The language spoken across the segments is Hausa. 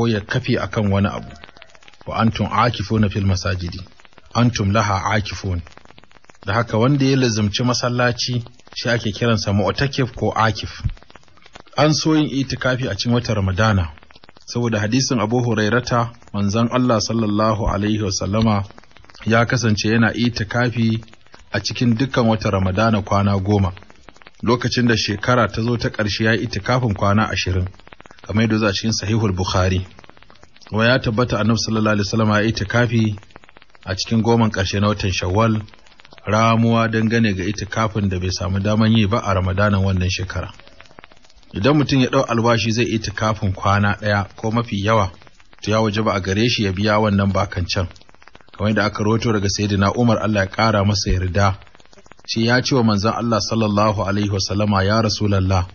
ko ya kafe akan wani abu wa antum akifuna fil masajidi antum laha akifun da haka wanda ya lazumci masallaci shi ake kiransa mu'takif ko akif an so yin itikafi a cikin watan ramadana saboda hadisin abu hurairata manzon Allah sallallahu alaihi wasallama ya kasance yana itikafi a cikin dukkan watan ramadana kwana goma lokacin da shekara ta zo ta ƙarshe ya yi itikafin kwana ashirin kamar yadda zuwa cikin sahihul bukhari wa ya tabbata annabi sallallahu alaihi wasallam ya itikafi a cikin goman ƙarshe na watan shawwal ramuwa dangane ga itikafin da bai samu daman yi ba a ramadanan wannan shekara idan mutum ya dau albashi zai itikafin kwana ɗaya ko mafi yawa to ya waje ba a gare shi ya biya wannan can kamar yadda aka roto daga sayyidina Umar Allah ya kara masa yarda shi ya ce wa manzon Allah sallallahu alaihi wasallama ya rasulullah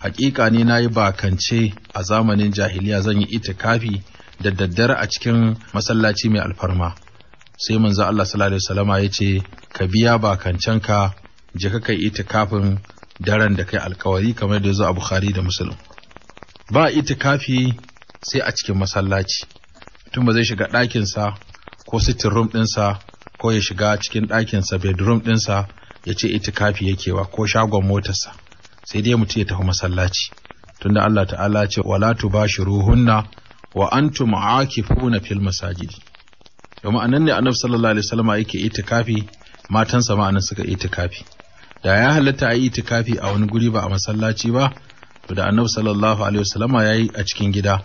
hakika ne na yi bakance a zamanin jahiliya zan yi itikafi da daddare a cikin masallaci mai alfarma sai manzo Allah sallallahu alaihi wasallama ya ce ka biya bakancenka je ka kai itikafin daren da kai alkawari kamar da yazo a Bukhari da Muslim ba itikafi sai a cikin masallaci tun ba zai shiga ɗakinsa ko sitting room ɗinsa ko ya shiga cikin ɗakinsa bedroom ɗinsa ya ce itikafi yake wa ko shagon motarsa sai dai mutum ya tafi masallaci tunda Allah ta'ala ce wala tubashiruhunna wa antum aakifuna fil masajid yau ma'anan ne annabi sallallahu alaihi wasallam yake itikafi matansa ma'anan suka itikafi da ya halatta a yi itikafi a wani guri ba a masallaci ba to da annabi sallallahu alaihi wasallam yayi a cikin gida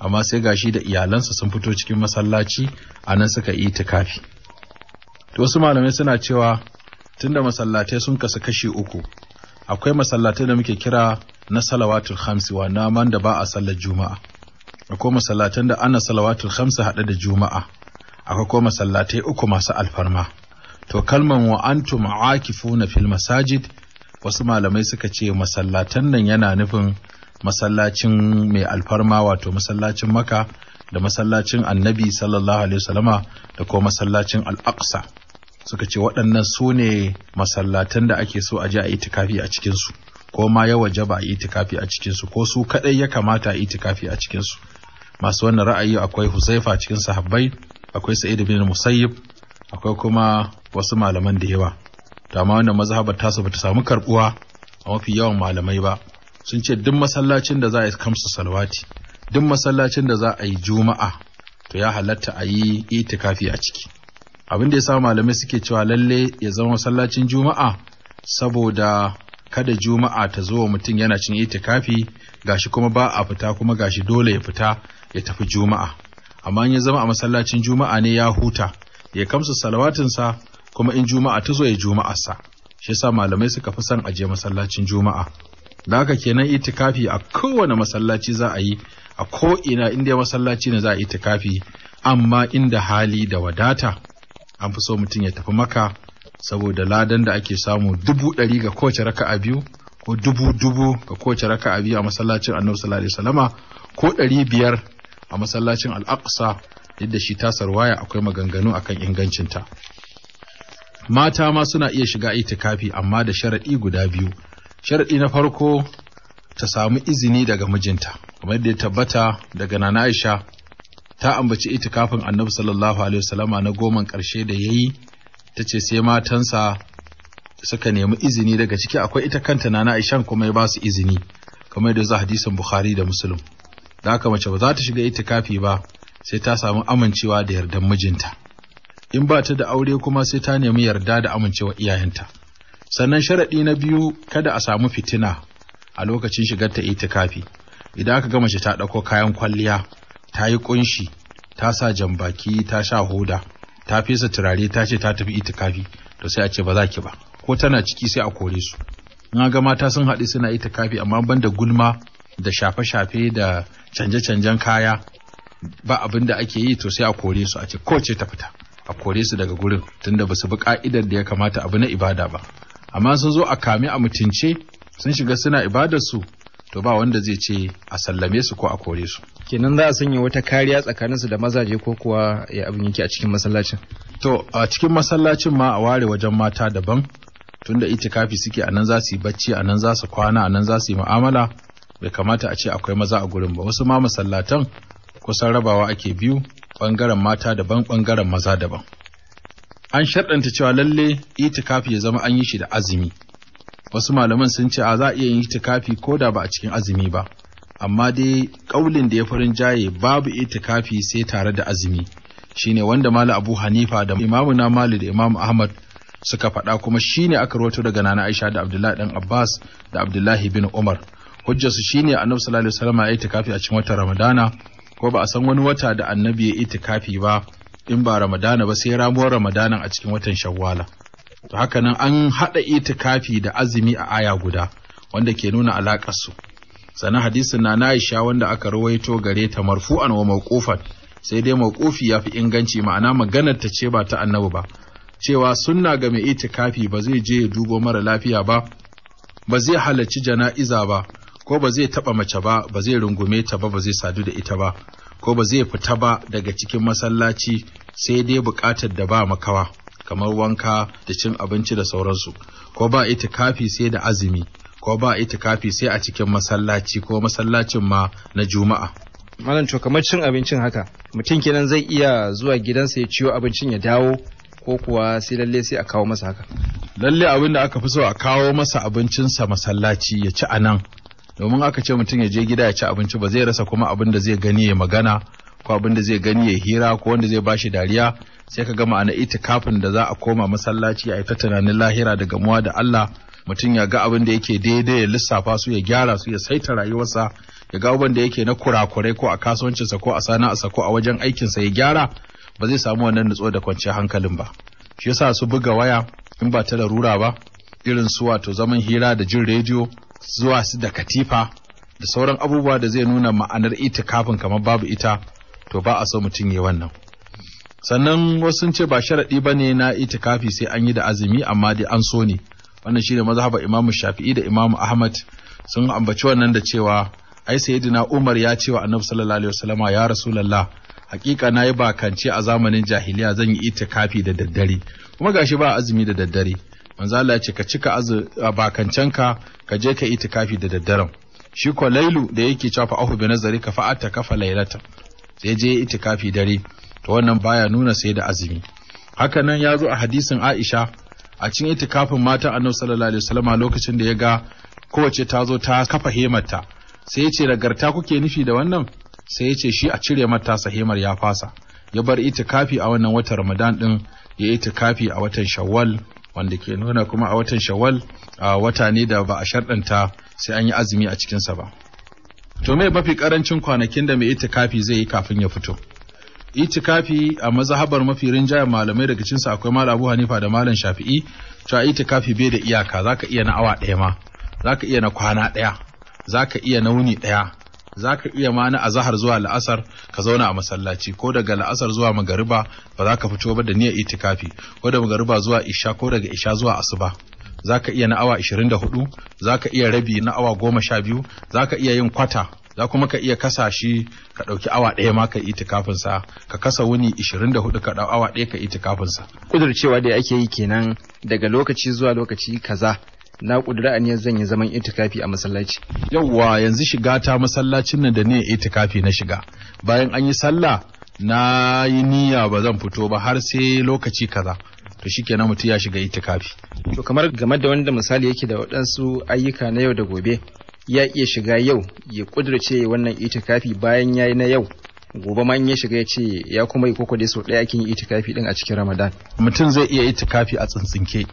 amma sai gashi da iyalansa sun fito cikin masallaci anan suka yi itikafi to wasu malamai suna cewa tunda masallatai sun kasu kashi uku akwai masallatai da muke kira na salawatul khamsi wa naman da ba a sallar juma'a akwai masallatan da ana salawatul khamsi haɗe da juma'a akwai kuma masallatai uku masu alfarma to kalman wa antum aakifuna fil masajid wasu malamai suka ce masallatan nan yana nufin masallacin mai alfarma wato masallacin maka da masallacin annabi sallallahu alaihi wasallama da kuma masallacin al-aqsa suka ce waɗannan su ne masallatan da ake so a ji a itikafi a cikinsu ko ma ya ba a itikafi a cikinsu ko su kaɗai ya kamata a itikafi a cikinsu masu wannan ra'ayi akwai husaifa cikin sahabbai akwai sa'id bin musayyib akwai kuma wasu malaman da yawa to amma wannan ta su bata samu karbuwa a mafi yawan malamai ba sun ce duk masallacin da za a yi kamsa salwati duk masallacin da za a yi juma'a to ya halatta a yi itikafi a ciki abin da ya sa malamai suke cewa lalle ya zama masallacin juma'a saboda kada juma'a ta zo wa mutum yana cin itikafi gashi kuma ba a fita kuma gashi dole ya fita ya tafi juma'a amma in ya zama a masallacin juma'a ne ya huta ya kamsa salawatinsa kuma in juma'a ta zo ya juma'arsa shi yasa malamai suka fi son aje masallacin juma'a da haka kenan itikafi a kowane masallaci za a yi a ko ina inda masallaci ne za a itikafi amma inda hali da wadata an fi so mutum ya tafi maka saboda ladan da ake samu dubu ɗari ga kowace a biyu ko dubu dubu ga kowace a biyu a masallacin annabi sallallahu alaihi wasallama ko ɗari biyar a masallacin al'aqsa yadda shi tasar waya akwai maganganu akan ingancinta mata ma suna iya shiga itikafi amma da sharaɗi guda biyu sharaɗi na farko ta samu izini daga mijinta kamar da ya tabbata daga nana Aisha ta ambaci itikafin annabi sallallahu alaihi wasallama na goman ƙarshe da yayi yi ta ce sai matansa suka nemi izini daga ciki akwai ita kanta nana Aishan kuma ya ba su izini kamar da za hadisin Bukhari da Muslim da haka mace ba za ta shiga itikafi ba sai ta samu amincewa da yardan mijinta in ba ta da aure kuma sai ta nemi yarda da amincewa iyayenta sannan sharaɗi na biyu kada a samu fitina a lokacin shigar ta itikafi idan aka ga mace ta ɗauko kayan kwalliya ta yi kunshi ta sa jambaki ta sha hoda ta fesa turare ta ce ta tafi itikafi to sai a ce ba za ki ba ko tana ciki sai a kore su na ga mata sun haɗu suna itikafi amma ban da gulma da shafe-shafe da canje-canjen kaya ba abin da ake yi to sai a kore su a ce ko ce ta fita a kore su daga gurin tunda ba su bi ka'idar da ya kamata abu na ibada ba amma sun zo a kame a mutunce sun shiga suna ibadar su to ba wanda zai ce a sallame su ko a kore su kenan za a sanya wata kariya tsakanin su da mazaje ko kuwa ya abin yake a cikin masallacin to a cikin masallacin ma a ware wajen mata daban tunda itikafi suke anan za su yi bacci anan za su kwana anan za su yi mu'amala bai kamata a ce akwai maza a gurin ba wasu ma masallatan kusan rabawa ake biyu bangaren mata daban bangaren maza daban an shaɗanta cewa lalle itikafi ya zama an yi shi da azumi wasu malaman sun ce a za a iya yin itikafi ko da ba a cikin azumi ba amma dai kaulin da ya farin jaye babu itikafi sai tare da azumi shine wanda mala abu hanifa da imamu na mali da imamu ahmad suka faɗa kuma shine aka rawaito daga nana aisha da abdullahi dan abbas da abdullahi bin umar su shine annabi sallallahu alaihi wasallam ya itikafi a cikin watan ramadana ko ba a san wani wata da annabi ya itikafi ba in ba ramadana ba sai ramuwar ramadana a cikin watan shawwala To haka nan an haɗa itikafi da azumi a aya guda wanda ke nuna su. sanan hadisin na Aisha wanda aka rawaito gare ta marfu'an wa mawqufan sai dai mawqufi yafi inganci ma'ana maganar ta ce ba ta annabi ba. Cewa sunna ga mai itikafi ba zai je ya dubo mara lafiya ba, ba zai halarci jana'iza ba, ko ba zai taɓa mace ba, ba zai rungume ta ba, ba zai sadu da ita ba, ko ba zai fita ba daga cikin masallaci sai dai buƙatar da ba makawa. kamar wanka da cin abinci da sauransu ko ba itikafi sai da azumi ko ba itikafi sai a cikin masallaci ko masallacin ma na juma'a malam to kamar cin abincin haka mutum kenan zai iya zuwa gidansa ya ciwo abincin ya dawo ko kuwa sai lalle sai a kawo masa haka lalle abin da aka fi so a kawo masa abincinsa masallaci ya ci a nan domin aka ce mutum ya je gida ya ci abinci ba zai rasa kuma abin da zai gani ya magana ko abin da zai gani ya hira ko wanda zai bashi dariya sai ka gama ana itikafin da za a koma masallaci a yi ta tunanin lahira da gamuwa da Allah mutum ya ga abin da yake daidai ya lissafa su ya gyara su ya saita rayuwarsa ya ga abin da yake na kurakurai ko a kasuwancinsa ko a sana'arsa ko a wajen aikinsa ya gyara ba zai samu wannan nutso da kwanciyar hankalin ba shi yasa su buga waya in ba ta larura ba irin su wato zaman hira da jin rediyo zuwa su da katifa da sauran abubuwa da zai nuna ma'anar itikafin kamar babu ita to ba a so mutum yi wannan sannan wasu sun ce ba sharaɗi ba ne na itikafi sai an yi da azumi amma dai an so ne wannan shi ne mazhabar imamu shafi'i da imamu ahmad sun ambaci wannan da cewa ai sayyidina umar ya ce wa annabi sallallahu alaihi wasallama ya rasulullah hakika nayi bakance a zamanin jahiliya zan yi itikafi da daddare kuma gashi ba azumi da daddare manzo Allah ya ce ka cika bakancenka ka ka je ka itikafi da daddaren shi ko lailu da yake cewa fa ahu bi nazari ka fa'ata kafa Lailata sai je itikafi dare to wannan baya nuna sai da azumi haka nan ya zo a hadisin Aisha a cikin itikafin matan Annabi sallallahu alaihi wasallam lokacin da ya ga kowace ta zo ta kafa hemarta sai ya ce ragarta kuke nufi da wannan sai ya ce shi a cire mata hemar ya fasa ya bar itikafi a wannan watan Ramadan din ya itikafi a watan Shawwal wanda ke nuna kuma a watan Shawwal a wata ne da ba a sharɗanta sai an yi azumi a cikinsa ba to me mafi karancin kwanakin da mai itikafi zai yi kafin ya fito itikafi a mazhabar mafi rinjayen malamai daga cinsa akwai malam Abu Hanifa da malam Shafi'i cewa itikafi bai da iyaka zaka iya na awa ɗaya ma zaka iya na kwana ɗaya zaka iya na wuni ɗaya zaka iya ma na azahar zuwa la'asar ka zauna a masallaci ko daga la'asar zuwa magariba ba za ka fito ba da niyyar itikafi ko da magariba zuwa isha ko daga isha zuwa asuba zaka iya na awa 24 zaka iya rabi na awa 12 zaka iya yin kwata za kuma ka iya kasa shi ka ɗauki awa ɗaya ma ka kafin sa ka kasa wuni 24 ka ɗau awa ɗaya ka kafin sa kudurcewa da ake yi kenan daga lokaci zuwa lokaci kaza na kudura aniyar zan yi zaman itikafi a masallaci yawwa yanzu shiga ta masallacin nan da ne itikafi na shiga bayan an yi sallah na yi niyya ba zan fito ba har sai lokaci kaza to kenan mutum ya shiga itikafi to kamar game da wanda misali yake da waɗansu ayyuka na yau da gobe ya iya shiga yau ya kudurce wannan itikafi bayan yayi na yau gobe ma in ya shiga ya ce ya kuma yi koko da sau ɗaya ake yin itikafi din a cikin ramadan mutum zai iya itikafi a tsintsinke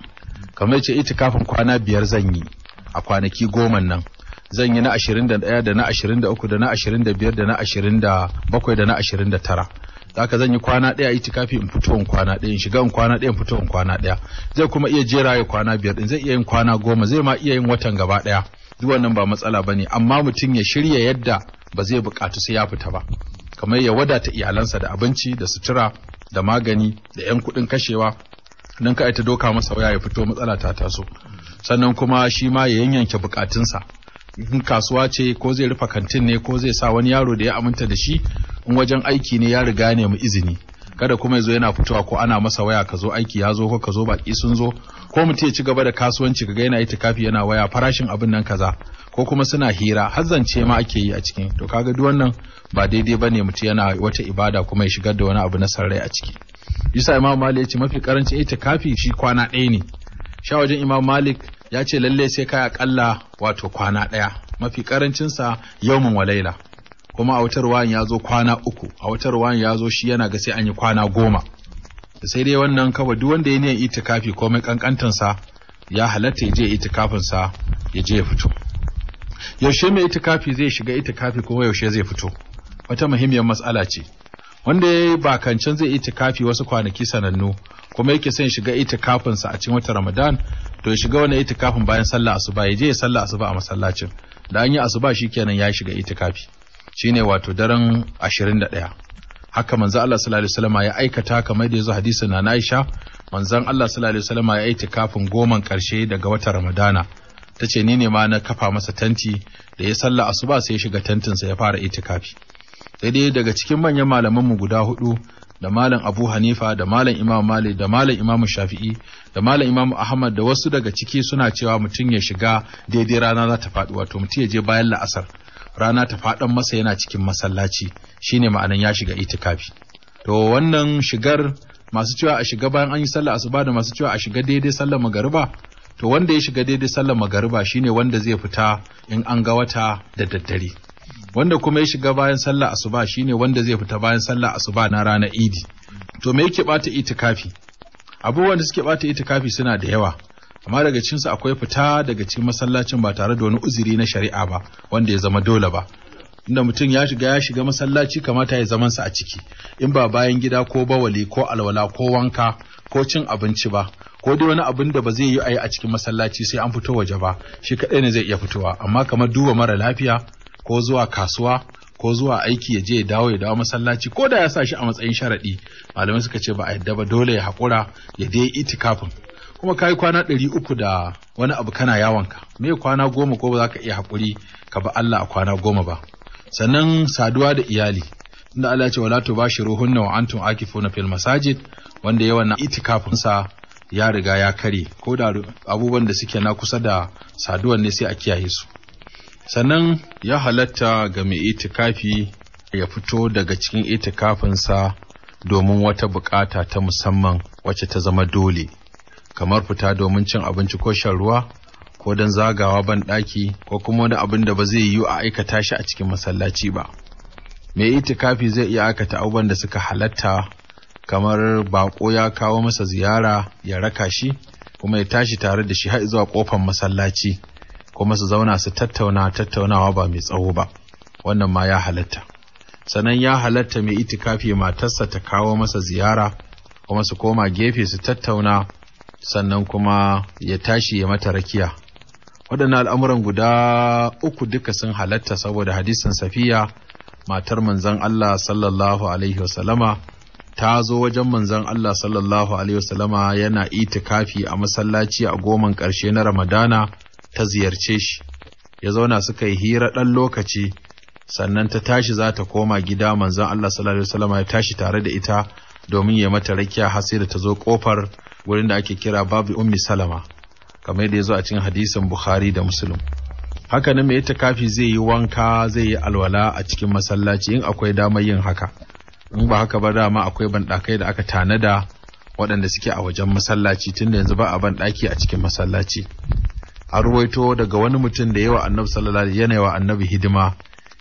kamar ce itikafin kwana biyar zan yi a kwanaki goma nan zan yi na ashirin da ɗaya da na ashirin da uku da na ashirin da biyar da na ashirin da bakwai da na ashirin da tara. haka zan yi kwana ɗaya itikafi in fito in kwana daya in shiga in kwana daya in fito in kwana ɗaya zai kuma iya jera ya kwana biyar din zai iya yin kwana goma zai ma iya yin watan gaba ɗaya duk wannan ba matsala bane amma mutum ya shirya yadda ba zai buƙatu sai ya fita ba kamar ya wadata iyalansa da abinci da sutura da magani da 'yan kuɗin kashewa don ka ta doka masa waya ya fito matsala ta taso sannan kuma shi ma ya yanyanke bukatunsa in kasuwa ce ko zai rufe kantin ne ko zai sa wani yaro da ya aminta da shi in wajen aiki ne ya riga ne mu izini kada kuma yazo yana fitowa ko ana masa waya ka zo aiki ya zo ko ka zo baki sun zo ko mutu ya ci gaba da kasuwanci kaga yana itikafi yana waya farashin abin nan kaza ko kuma suna hira har hazzance ma ake yi a cikin to kaga duk wannan ba daidai bane mutum yana wata ibada kuma ya shigar da wani abu na sarrai a ciki yasa imam malik ya ce mafi karancin itikafi shi kwana ɗaya ne sha wajen imam malik ya ce lalle sai kai akalla wato kwana ɗaya mafi karancinsa yaumin walaila kuma a wutar wani ya zo kwana uku a wutar wayan ya zo shi yana ga sai an yi kwana goma sai dai wannan kawai duk wanda ya niyan itikafi komai kankantansa ya halatta ya je itikafinsa ya je ya fito yaushe mai itikafi zai shiga itikafi kuma yaushe zai fito wata muhimmiyar matsala ce wanda ya yi bakancin zai itikafi wasu kwanaki sanannu kuma yake son shiga itikafinsa a cikin wata ramadan to ya shiga wani itikafin bayan sallah asuba ya je ya sallah asuba a masallacin da an yi asuba shi shikenan ya shiga itikafi shine wato daren 21 haka manzo Allah sallallahu alaihi ya aikata kamar da yazo hadisin na Aisha manzon Allah sallallahu alaihi ya aita kafin goman karshe daga watan Ramadana tace ni ne ma na kafa masa tanti da ya salla asuba sai ya shiga tantin sa ya fara itikafi sai dai daga cikin manyan malaman mu guda hudu da malam Abu Hanifa da malam Imam Malik da malam Imam Shafi'i da malam Imam Ahmad da wasu daga ciki suna cewa mutum ya shiga daidai rana za ta faɗi wato mutum ya je bayan la'asar rana ta faɗan masa yana cikin masallaci shine ma'anan ya shiga itikafi to wannan shigar masu cewa a shiga bayan an yi sallah asuba da masu cewa a shiga daidai sallar magariba to wanda ya shiga daidai sallar magariba shine wanda zai fita in an ga wata da daddare wanda kuma ya shiga bayan sallah asuba shine wanda zai fita bayan sallah asuba na ranar idi to me yake bata itikafi abubuwan da suke bata itikafi suna da yawa amma daga cikinsu akwai fita daga cikin masallacin ba tare da wani uzuri na shari'a ba wanda ya zama dole ba inda mutum ya shiga ya shiga masallaci kamata ya zamansa a ciki in ba bayan gida ko bawali ko alwala ko wanka ko cin abinci ba ko dai wani abin da ba zai yi ayi a cikin masallaci sai an fito waje ba shi kaɗai ne zai iya fitowa amma kamar duba mara lafiya ko zuwa kasuwa ko zuwa aiki ya je ya dawo ya dawo masallaci ko da ya sa shi a matsayin sharaɗi malamai suka ce ba a yadda ba dole ya haƙura ya dai itikafin kuma ka kwana ɗari uku da wani abu kana ka me kwana goma ko ba za ka iya haƙuri ka ba Allah a kwana goma ba sannan saduwa da iyali inda Allah ya ce wala tubashiruhunna wa antum akifuna fil masajid wanda yawan na itikafin sa ya riga ya kare ko da abubuwan da suke na kusa da saduwan ne sai a kiyaye su sannan ya halatta ga mai itikafi ya fito daga cikin itikafinsa domin wata bukata ta musamman wacce ta zama dole kamar fita domin cin abinci ko shan ruwa ko don zagawa ban ɗaki ko kuma wani abin da ba zai yiwu a aikata shi a cikin masallaci ba mai itikafi zai iya aikata abubuwan da suka halatta kamar baƙo ya kawo masa ziyara ya raka shi kuma ya tashi tare da shi har zuwa kofar masallaci kuma su zauna su tattauna tattaunawa ba mai tsawo ba wannan ma ya halatta sannan ya halatta mai itikafi matarsa ta kawo masa ziyara kuma su koma gefe su tattauna sannan kuma ya tashi ya mata rakiya waɗannan al'amuran guda uku duka sun halatta saboda hadisin safiya matar manzan Allah sallallahu alaihi wasallama ta zo wajen manzan Allah sallallahu alaihi wasallama yana itikafi a masallaci a goman ƙarshe na ramadana ta ziyarce shi ya zauna suka yi hira ɗan lokaci sannan ta tashi za ta koma gida manzan Allah sallallahu alaihi wasallama ya tashi tare da ita domin ya mata rakiya har sai da ta zo kofar. wurin da ake kira babu ummi salama kamar da ya zo a cikin hadisin bukhari da muslim haka nan mai itikafi zai yi wanka zai yi alwala a cikin masallaci in akwai damar yin haka in ba haka ba dama akwai banɗakai da aka tanada waɗanda suke a wajen masallaci tunda yanzu ba a banɗaki a cikin masallaci a ruwaito daga wani mutum da yawa annabi sallallahu alaihi yana annabi hidima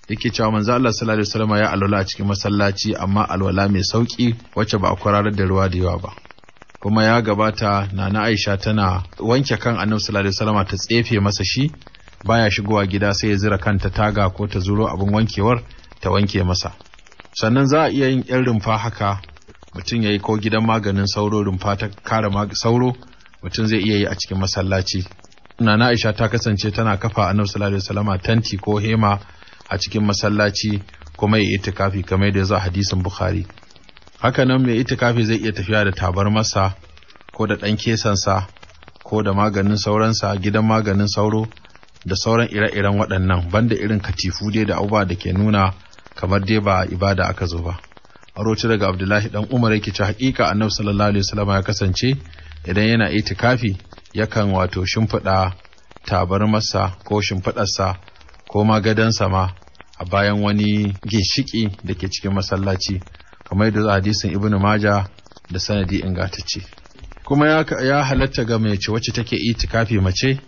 yake cewa manzo Allah sallallahu alaihi wasallam ya alwala a cikin masallaci amma alwala mai sauki wacce ba a kwararar da ruwa da yawa ba kuma ya gabata nana Aisha tana wanke kan Annabi sallallahu alaihi wasallam ta tsefe masa shi baya shigowa gida sai ya zira kanta taga ko ta zuro abin wankewar ta wanke masa sannan za a iya yin yan rumfa haka mutum ya yi ko gidan maganin sauro rumfa ta kare sauro mutum zai iya yi a cikin masallaci nana Aisha ta kasance tana kafa Annabi sallallahu alaihi wasallam tanti ko hema a cikin masallaci kuma ya itikafi kamar da za hadisin Bukhari haka nan mai itikafi zai iya tafiya da tabarmarsa ko da ɗan kesansa ko da maganin sauransa gidan maganin sauro da sauran ire-iren waɗannan banda irin katifu dai da abubuwa da ke nuna kamar dai ba ibada aka zo ba Roci daga abdullahi dan umar yake ci hakika annabi sallallahu alaihi wasallam ya kasance idan yana itikafi yakan wato shimfiɗa tabarmarsa ko shimfiɗarsa ko ma gadansa ma a bayan wani ginshiƙi da ke cikin masallaci kamar da hadisin ibnu maja da sanadi ingantacce kuma ya halatta ga mace wacce take itikafi mace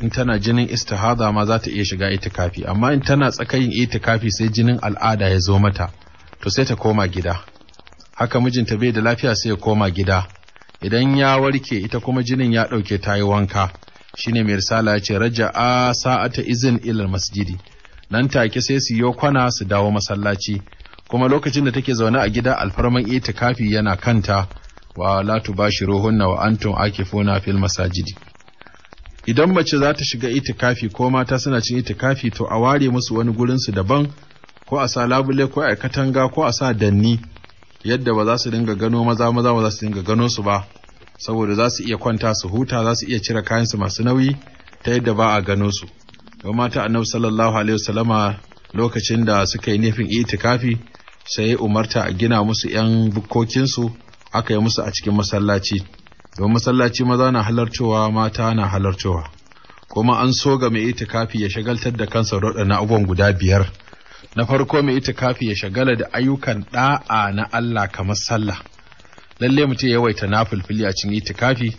in tana jinin istihada ma za ta iya shiga itikafi amma in tana tsakayin itikafi sai jinin al'ada ya zo mata to sai ta koma gida haka mijinta bai da lafiya sai ya koma gida idan ya warke ita kuma jinin ya ɗauke ta yi wanka shine mai risala ya ce "Raja a sa'ata izin ilal masjidi nan take sai su yi kwana su dawo masallaci kuma lokacin da take zaune a gida alfarman itikafi yana kanta wa la tubashiruhunna wa antum akifuna fil masajidi idan mace za ta shiga itikafi ko mata suna cin itikafi to a ware musu wani gurin su daban ko a sa labule ko a katanga ko a sa danni yadda ba za su dinga gano maza maza ba za su dinga gano su ba saboda za su iya kwanta su huta za su iya cire kayan su masu nauyi ta yadda ba a gano su don mata annabi sallallahu alaihi wasallama lokacin da suka yi nufin itikafi sai umarta a gina musu ‘yan bukkokinsu aka yi musu a cikin masallaci, don masallaci maza na halarcewa mata na halarcewa, kuma an so ga mai itikafi ya shagaltar da kansa na abubuwan guda biyar. Na farko mai itikafi ya shagala da ayyukan ɗa'a na Allah kamar sallah. Lalle mutum ya yawaita na fulfili a cikin itikafi,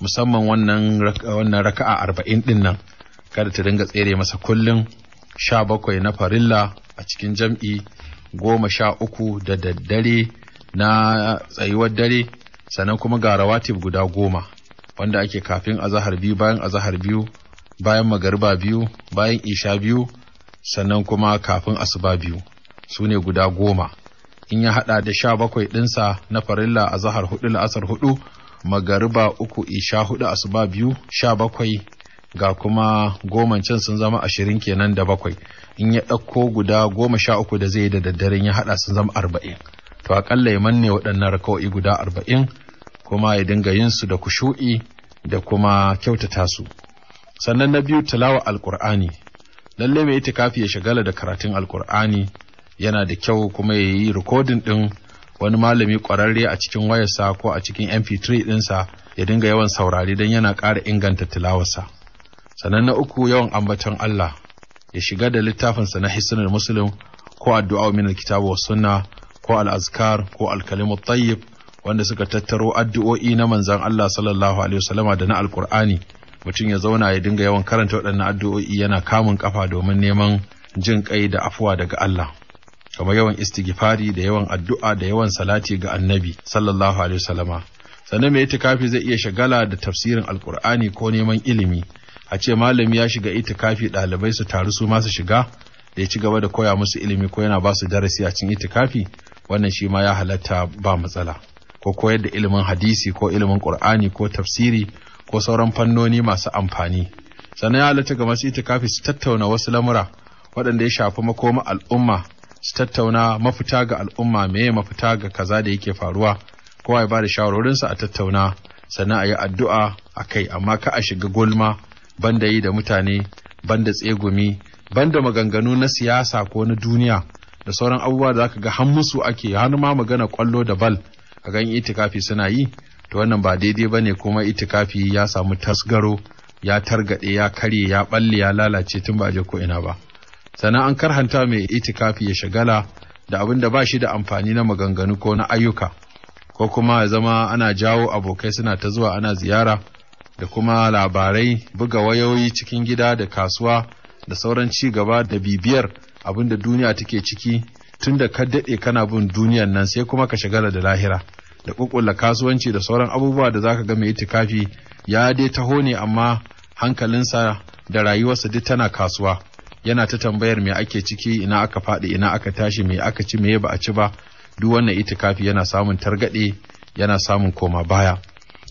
musamman wannan raka'a arba'in ɗin nan, kada ta dinga tsere masa kullum sha bakwai na farilla a cikin jam'i goma sha uku da daddare na tsayuwar dare sannan kuma ga rawatib guda goma wanda ake kafin azahar biyu bayan azahar biyu bayan magariba biyu bayan isha biyu sannan kuma kafin asuba biyu su ne guda goma in ya haɗa da sha bakwai ɗinsa na farilla a zahar hudu la'asar hudu magariba uku isha hudu asuba biyu sha bakwai ga kuma goman can sun zama ashirin kenan da bakwai in ya ɗauko guda goma sha uku da zai da daddaren ya haɗa su zama arba'in to aƙalla ya manne waɗannan raka'o'i guda arba'in kuma ya dinga yin su da kushu'i da kuma kyautata su sannan na biyu talawa alƙur'ani lallai mai kafi ya shagala da karatun alƙur'ani yana da kyau kuma ya yi rikodin ɗin wani malami ƙwararre a cikin wayarsa ko a cikin mp3 ɗinsa ya dinga yawan saurari don yana ƙara inganta tilawarsa sannan na uku yawan ambaton Allah ya shiga da littafinsa na hisnul muslim ko addu'a min alkitab wa sunna ko al-azkar ko al tayyib wanda suka tattaro addu'o'i na manzon Allah sallallahu alaihi wasallama da na alqur'ani mutum ya zauna ya dinga yawan karanta waɗannan addu'o'i yana kamun kafa domin neman jin kai da afuwa daga Allah kamar yawan istighfari da yawan addu'a da yawan salati ga annabi sallallahu alaihi wasallama sannan mai itikafi zai iya shagala da tafsirin alkur'ani ko neman ilimi a ce malami ya shiga itikafi ɗalibai su taru su masu shiga da ya ci gaba da koya musu ilimi ko yana ba su darasi a cikin itikafi wannan shi ma ya halatta ba matsala ko koyar da ilimin hadisi ko ilimin qur'ani ko tafsiri ko sauran fannoni masu amfani sannan ya halatta ga masu itikafi su tattauna wasu lamura waɗanda ya shafi makoma al'umma su tattauna mafita ga al'umma meye mafita ga kaza da yake faruwa kowa ya ba da shawarorinsa a tattauna sannan a yi addu'a a kai amma ka a shiga gulma banda yi da mutane banda tsegumi banda maganganu na siyasa ko na duniya da sauran abubuwa da zaka ga har musu ake har ma magana kwallo da bal a gan itikafi suna yi to wannan ba daidai ba ne kuma itikafi ya samu tasgaro ya targade ya karye ya ɓalle ya lalace tun ba a je ko ina ba sannan an karhanta mai itikafi ya shagala da abin da ba shi da amfani na maganganu ko na ayyuka ko kuma ya zama ana jawo abokai suna ta zuwa ana ziyara da kuma labarai buga wayoyi cikin gida da kasuwa da sauran ci gaba da bibiyar abin da duniya take ciki tun da ka daɗe kana bin duniyan nan sai kuma ka shagala da lahira da ƙuƙula kasuwanci da sauran abubuwa da zaka ga mai itikafi ya dai taho ne amma hankalinsa da rayuwarsa duk tana kasuwa yana ta tambayar me ake ciki ina aka faɗi ina aka tashi me aka ci me ba a ci ba duk wannan itikafi yana samun targaɗe yana samun koma baya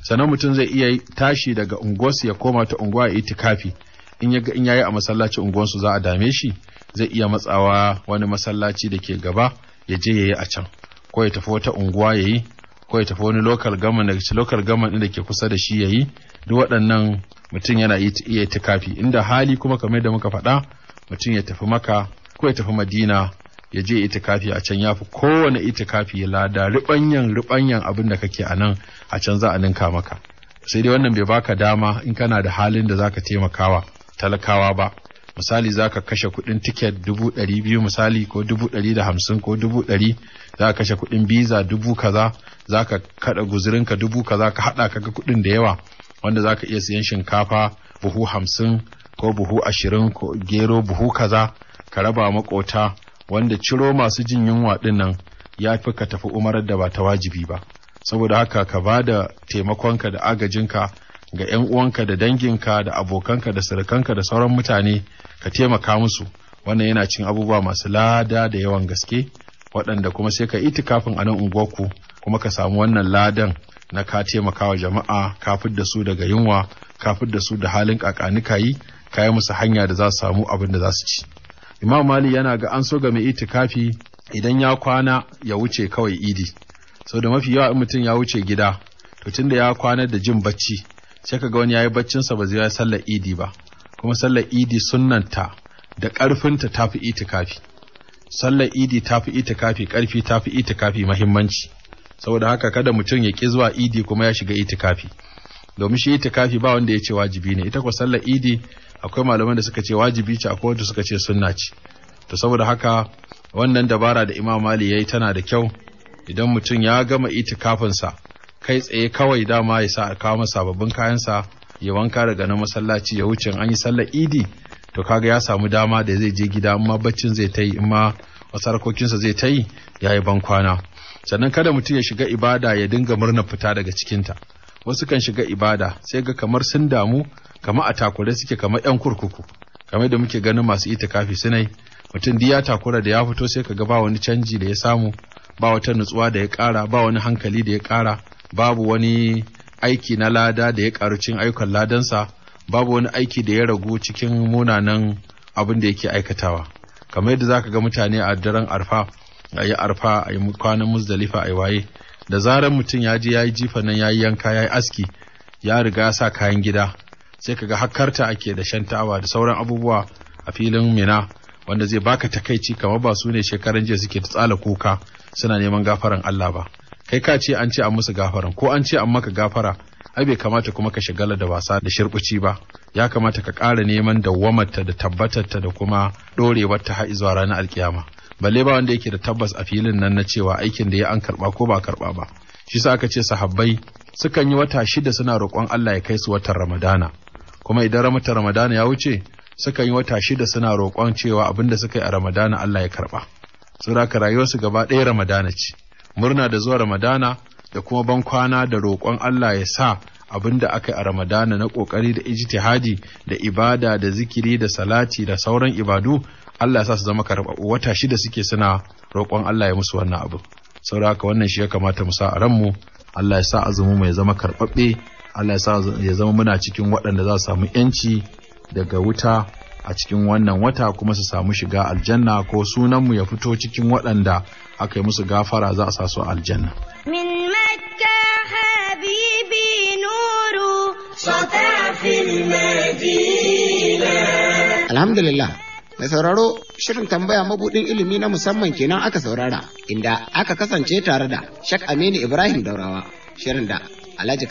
sannan mutum zai iya tashi daga unguwarsu ya koma ta unguwa ya yi tikafi in ya in yayi a masallaci unguwarsu za a dame shi zai iya matsawa wani masallaci da ke gaba ya je yayi a can ko ya tafi wata unguwa yayi ko ya tafi wani local government daga local government din da ke kusa da shi yayi duk waɗannan mutum yana iya itikafi inda hali kuma kamar da muka faɗa mutum ya tafi maka ko ya tafi madina ya je itikafi a can ya fi kowane itikafi lada ribanyan ribanyan abin da kake a nan a can za a ninka maka sai dai wannan bai baka dama in kana da halin da zaka taimakawa talakawa ba misali zaka kashe kuɗin tiket dubu ɗari biyu misali ko dubu ɗari da hamsin ko dubu ɗari za kashe kuɗin biza dubu kaza za ka kaɗa guzurinka dubu kaza ka haɗa ka ga kuɗin da yawa wanda za ka iya siyan shinkafa buhu hamsin ko buhu ashirin ko gero buhu kaza ka raba makota wanda ciro masu jin yunwa dinnan ya fi ka tafi umarar da ba ta wajibi ba saboda haka ka ba da taimakonka da agajinka ga 'yan uwanka da danginka da abokanka da surukanka da sauran mutane ka taimaka musu wannan yana cin abubuwa masu lada da yawan gaske waɗanda kuma sai ka kafin a nan unguwarku kuma ka samu wannan ladan na ka taimaka wa jama'a ka da su daga yunwa ka da su da halin kakanika yi ka yi musu hanya da za su samu abin da za su ci imam mali yana ga an so ga mai itikafi idan ya kwana ya wuce kawai idi sau da mafi yawa in mutum ya wuce gida to tunda ya kwana da jin bacci sai kaga wani yayi baccinsa ba zai yi sallar idi ba kuma sallar idi sunnanta da ƙarfinta tafi itikafi sallar idi tafi itikafi ƙarfi tafi itikafi mahimmanci saboda haka kada mutum ya ƙi zuwa idi kuma ya shiga itikafi domin shi itikafi ba wanda ya ce wajibi ne ita ko sallar idi akwai malaman da suka ce wajibi ce akwai wanda suka ce sunna ci. to saboda haka wannan dabara da Imam Mali yayi tana da kyau idan mutum ya gama itikafin sa kai tsaye kawai dama ya sa a kawo masa sababbin kayan sa ya wanka daga na masallaci ya wuce an yi sallar Idi to kaga ya samu dama da zai je gida amma baccin zai ta yi amma wasu sa zai ta yi yayi ban kwana sannan kada mutum ya shiga ibada ya dinga murna fita daga cikinta wasu kan shiga ibada sai ga kamar sun damu kama a takure suke kamar yan kurkuku kamar da muke ganin masu itikafi sunai mutum di ya takura da ya fito sai kaga ba wani canji da ya samu ba wata nutsuwa da ya kara ba wani hankali da ya kara babu wani aiki na lada da ya karu cin ayyukan ladansa babu wani aiki da ya ragu cikin munanan abin da yake aikatawa kamar yadda zaka ga mutane a daren arfa a yi arfa a yi kwanan muzdalifa a yi waye da zarar mutum ya je ya yi jifa nan ya yi yanka ya yi aski ya riga ya sa kayan gida sai kaga hakkarta ake da shan ta'awa da sauran abubuwa a filin mina wanda zai baka takaici kamar ba su ne shekaran jiya suke ta tsala kuka suna neman gafaran Allah ba kai ka ce an ce an musu gafaran ko an ce an maka gafara ai bai kamata kuma ka shigala da wasa da shirkuci ba ya kamata ka ƙara neman dawwamarta da tabbatarta da kuma ɗorewar ta har zuwa ranar alkiyama balle ba wanda yake da tabbas a filin nan na cewa aikin da ya an karba ko ba karba ba shi sa aka ce sahabbai sukan yi wata shida suna roƙon Allah ya kai su watan Ramadana kuma idan ramata ramadana ya wuce sukan yi wata shida suna roƙon cewa abin da suka yi a ramadana Allah ya karɓa raka rayuwarsu gaba ɗaya ramadana ce murna da zuwa ramadana da kuma ban kwana da roƙon Allah ya sa abin da aka yi a ramadana na ƙoƙari da ijtihadi da ibada da zikiri da salati da sauran ibadu Allah ya sa su zama karɓaɓɓu wata shida suke suna roƙon Allah ya musu wannan abu sauraka wannan shi ya kamata mu sa a ranmu Allah ya sa azumi mai zama karɓaɓɓe Allah ya ya zama muna cikin waɗanda za su samu yanci daga wuta a cikin wannan wata kuma su samu shiga aljanna ko sunanmu ya fito cikin waɗanda aka yi musu gafara za a sa su aljanna. Min makka habibi nuru Alhamdulillah, mai sauraro shirin tambaya mabudin ilimi na musamman kenan aka saurara inda aka kasance tare da Shak Aminu Ibrahim Daurawa shirin da Alhaji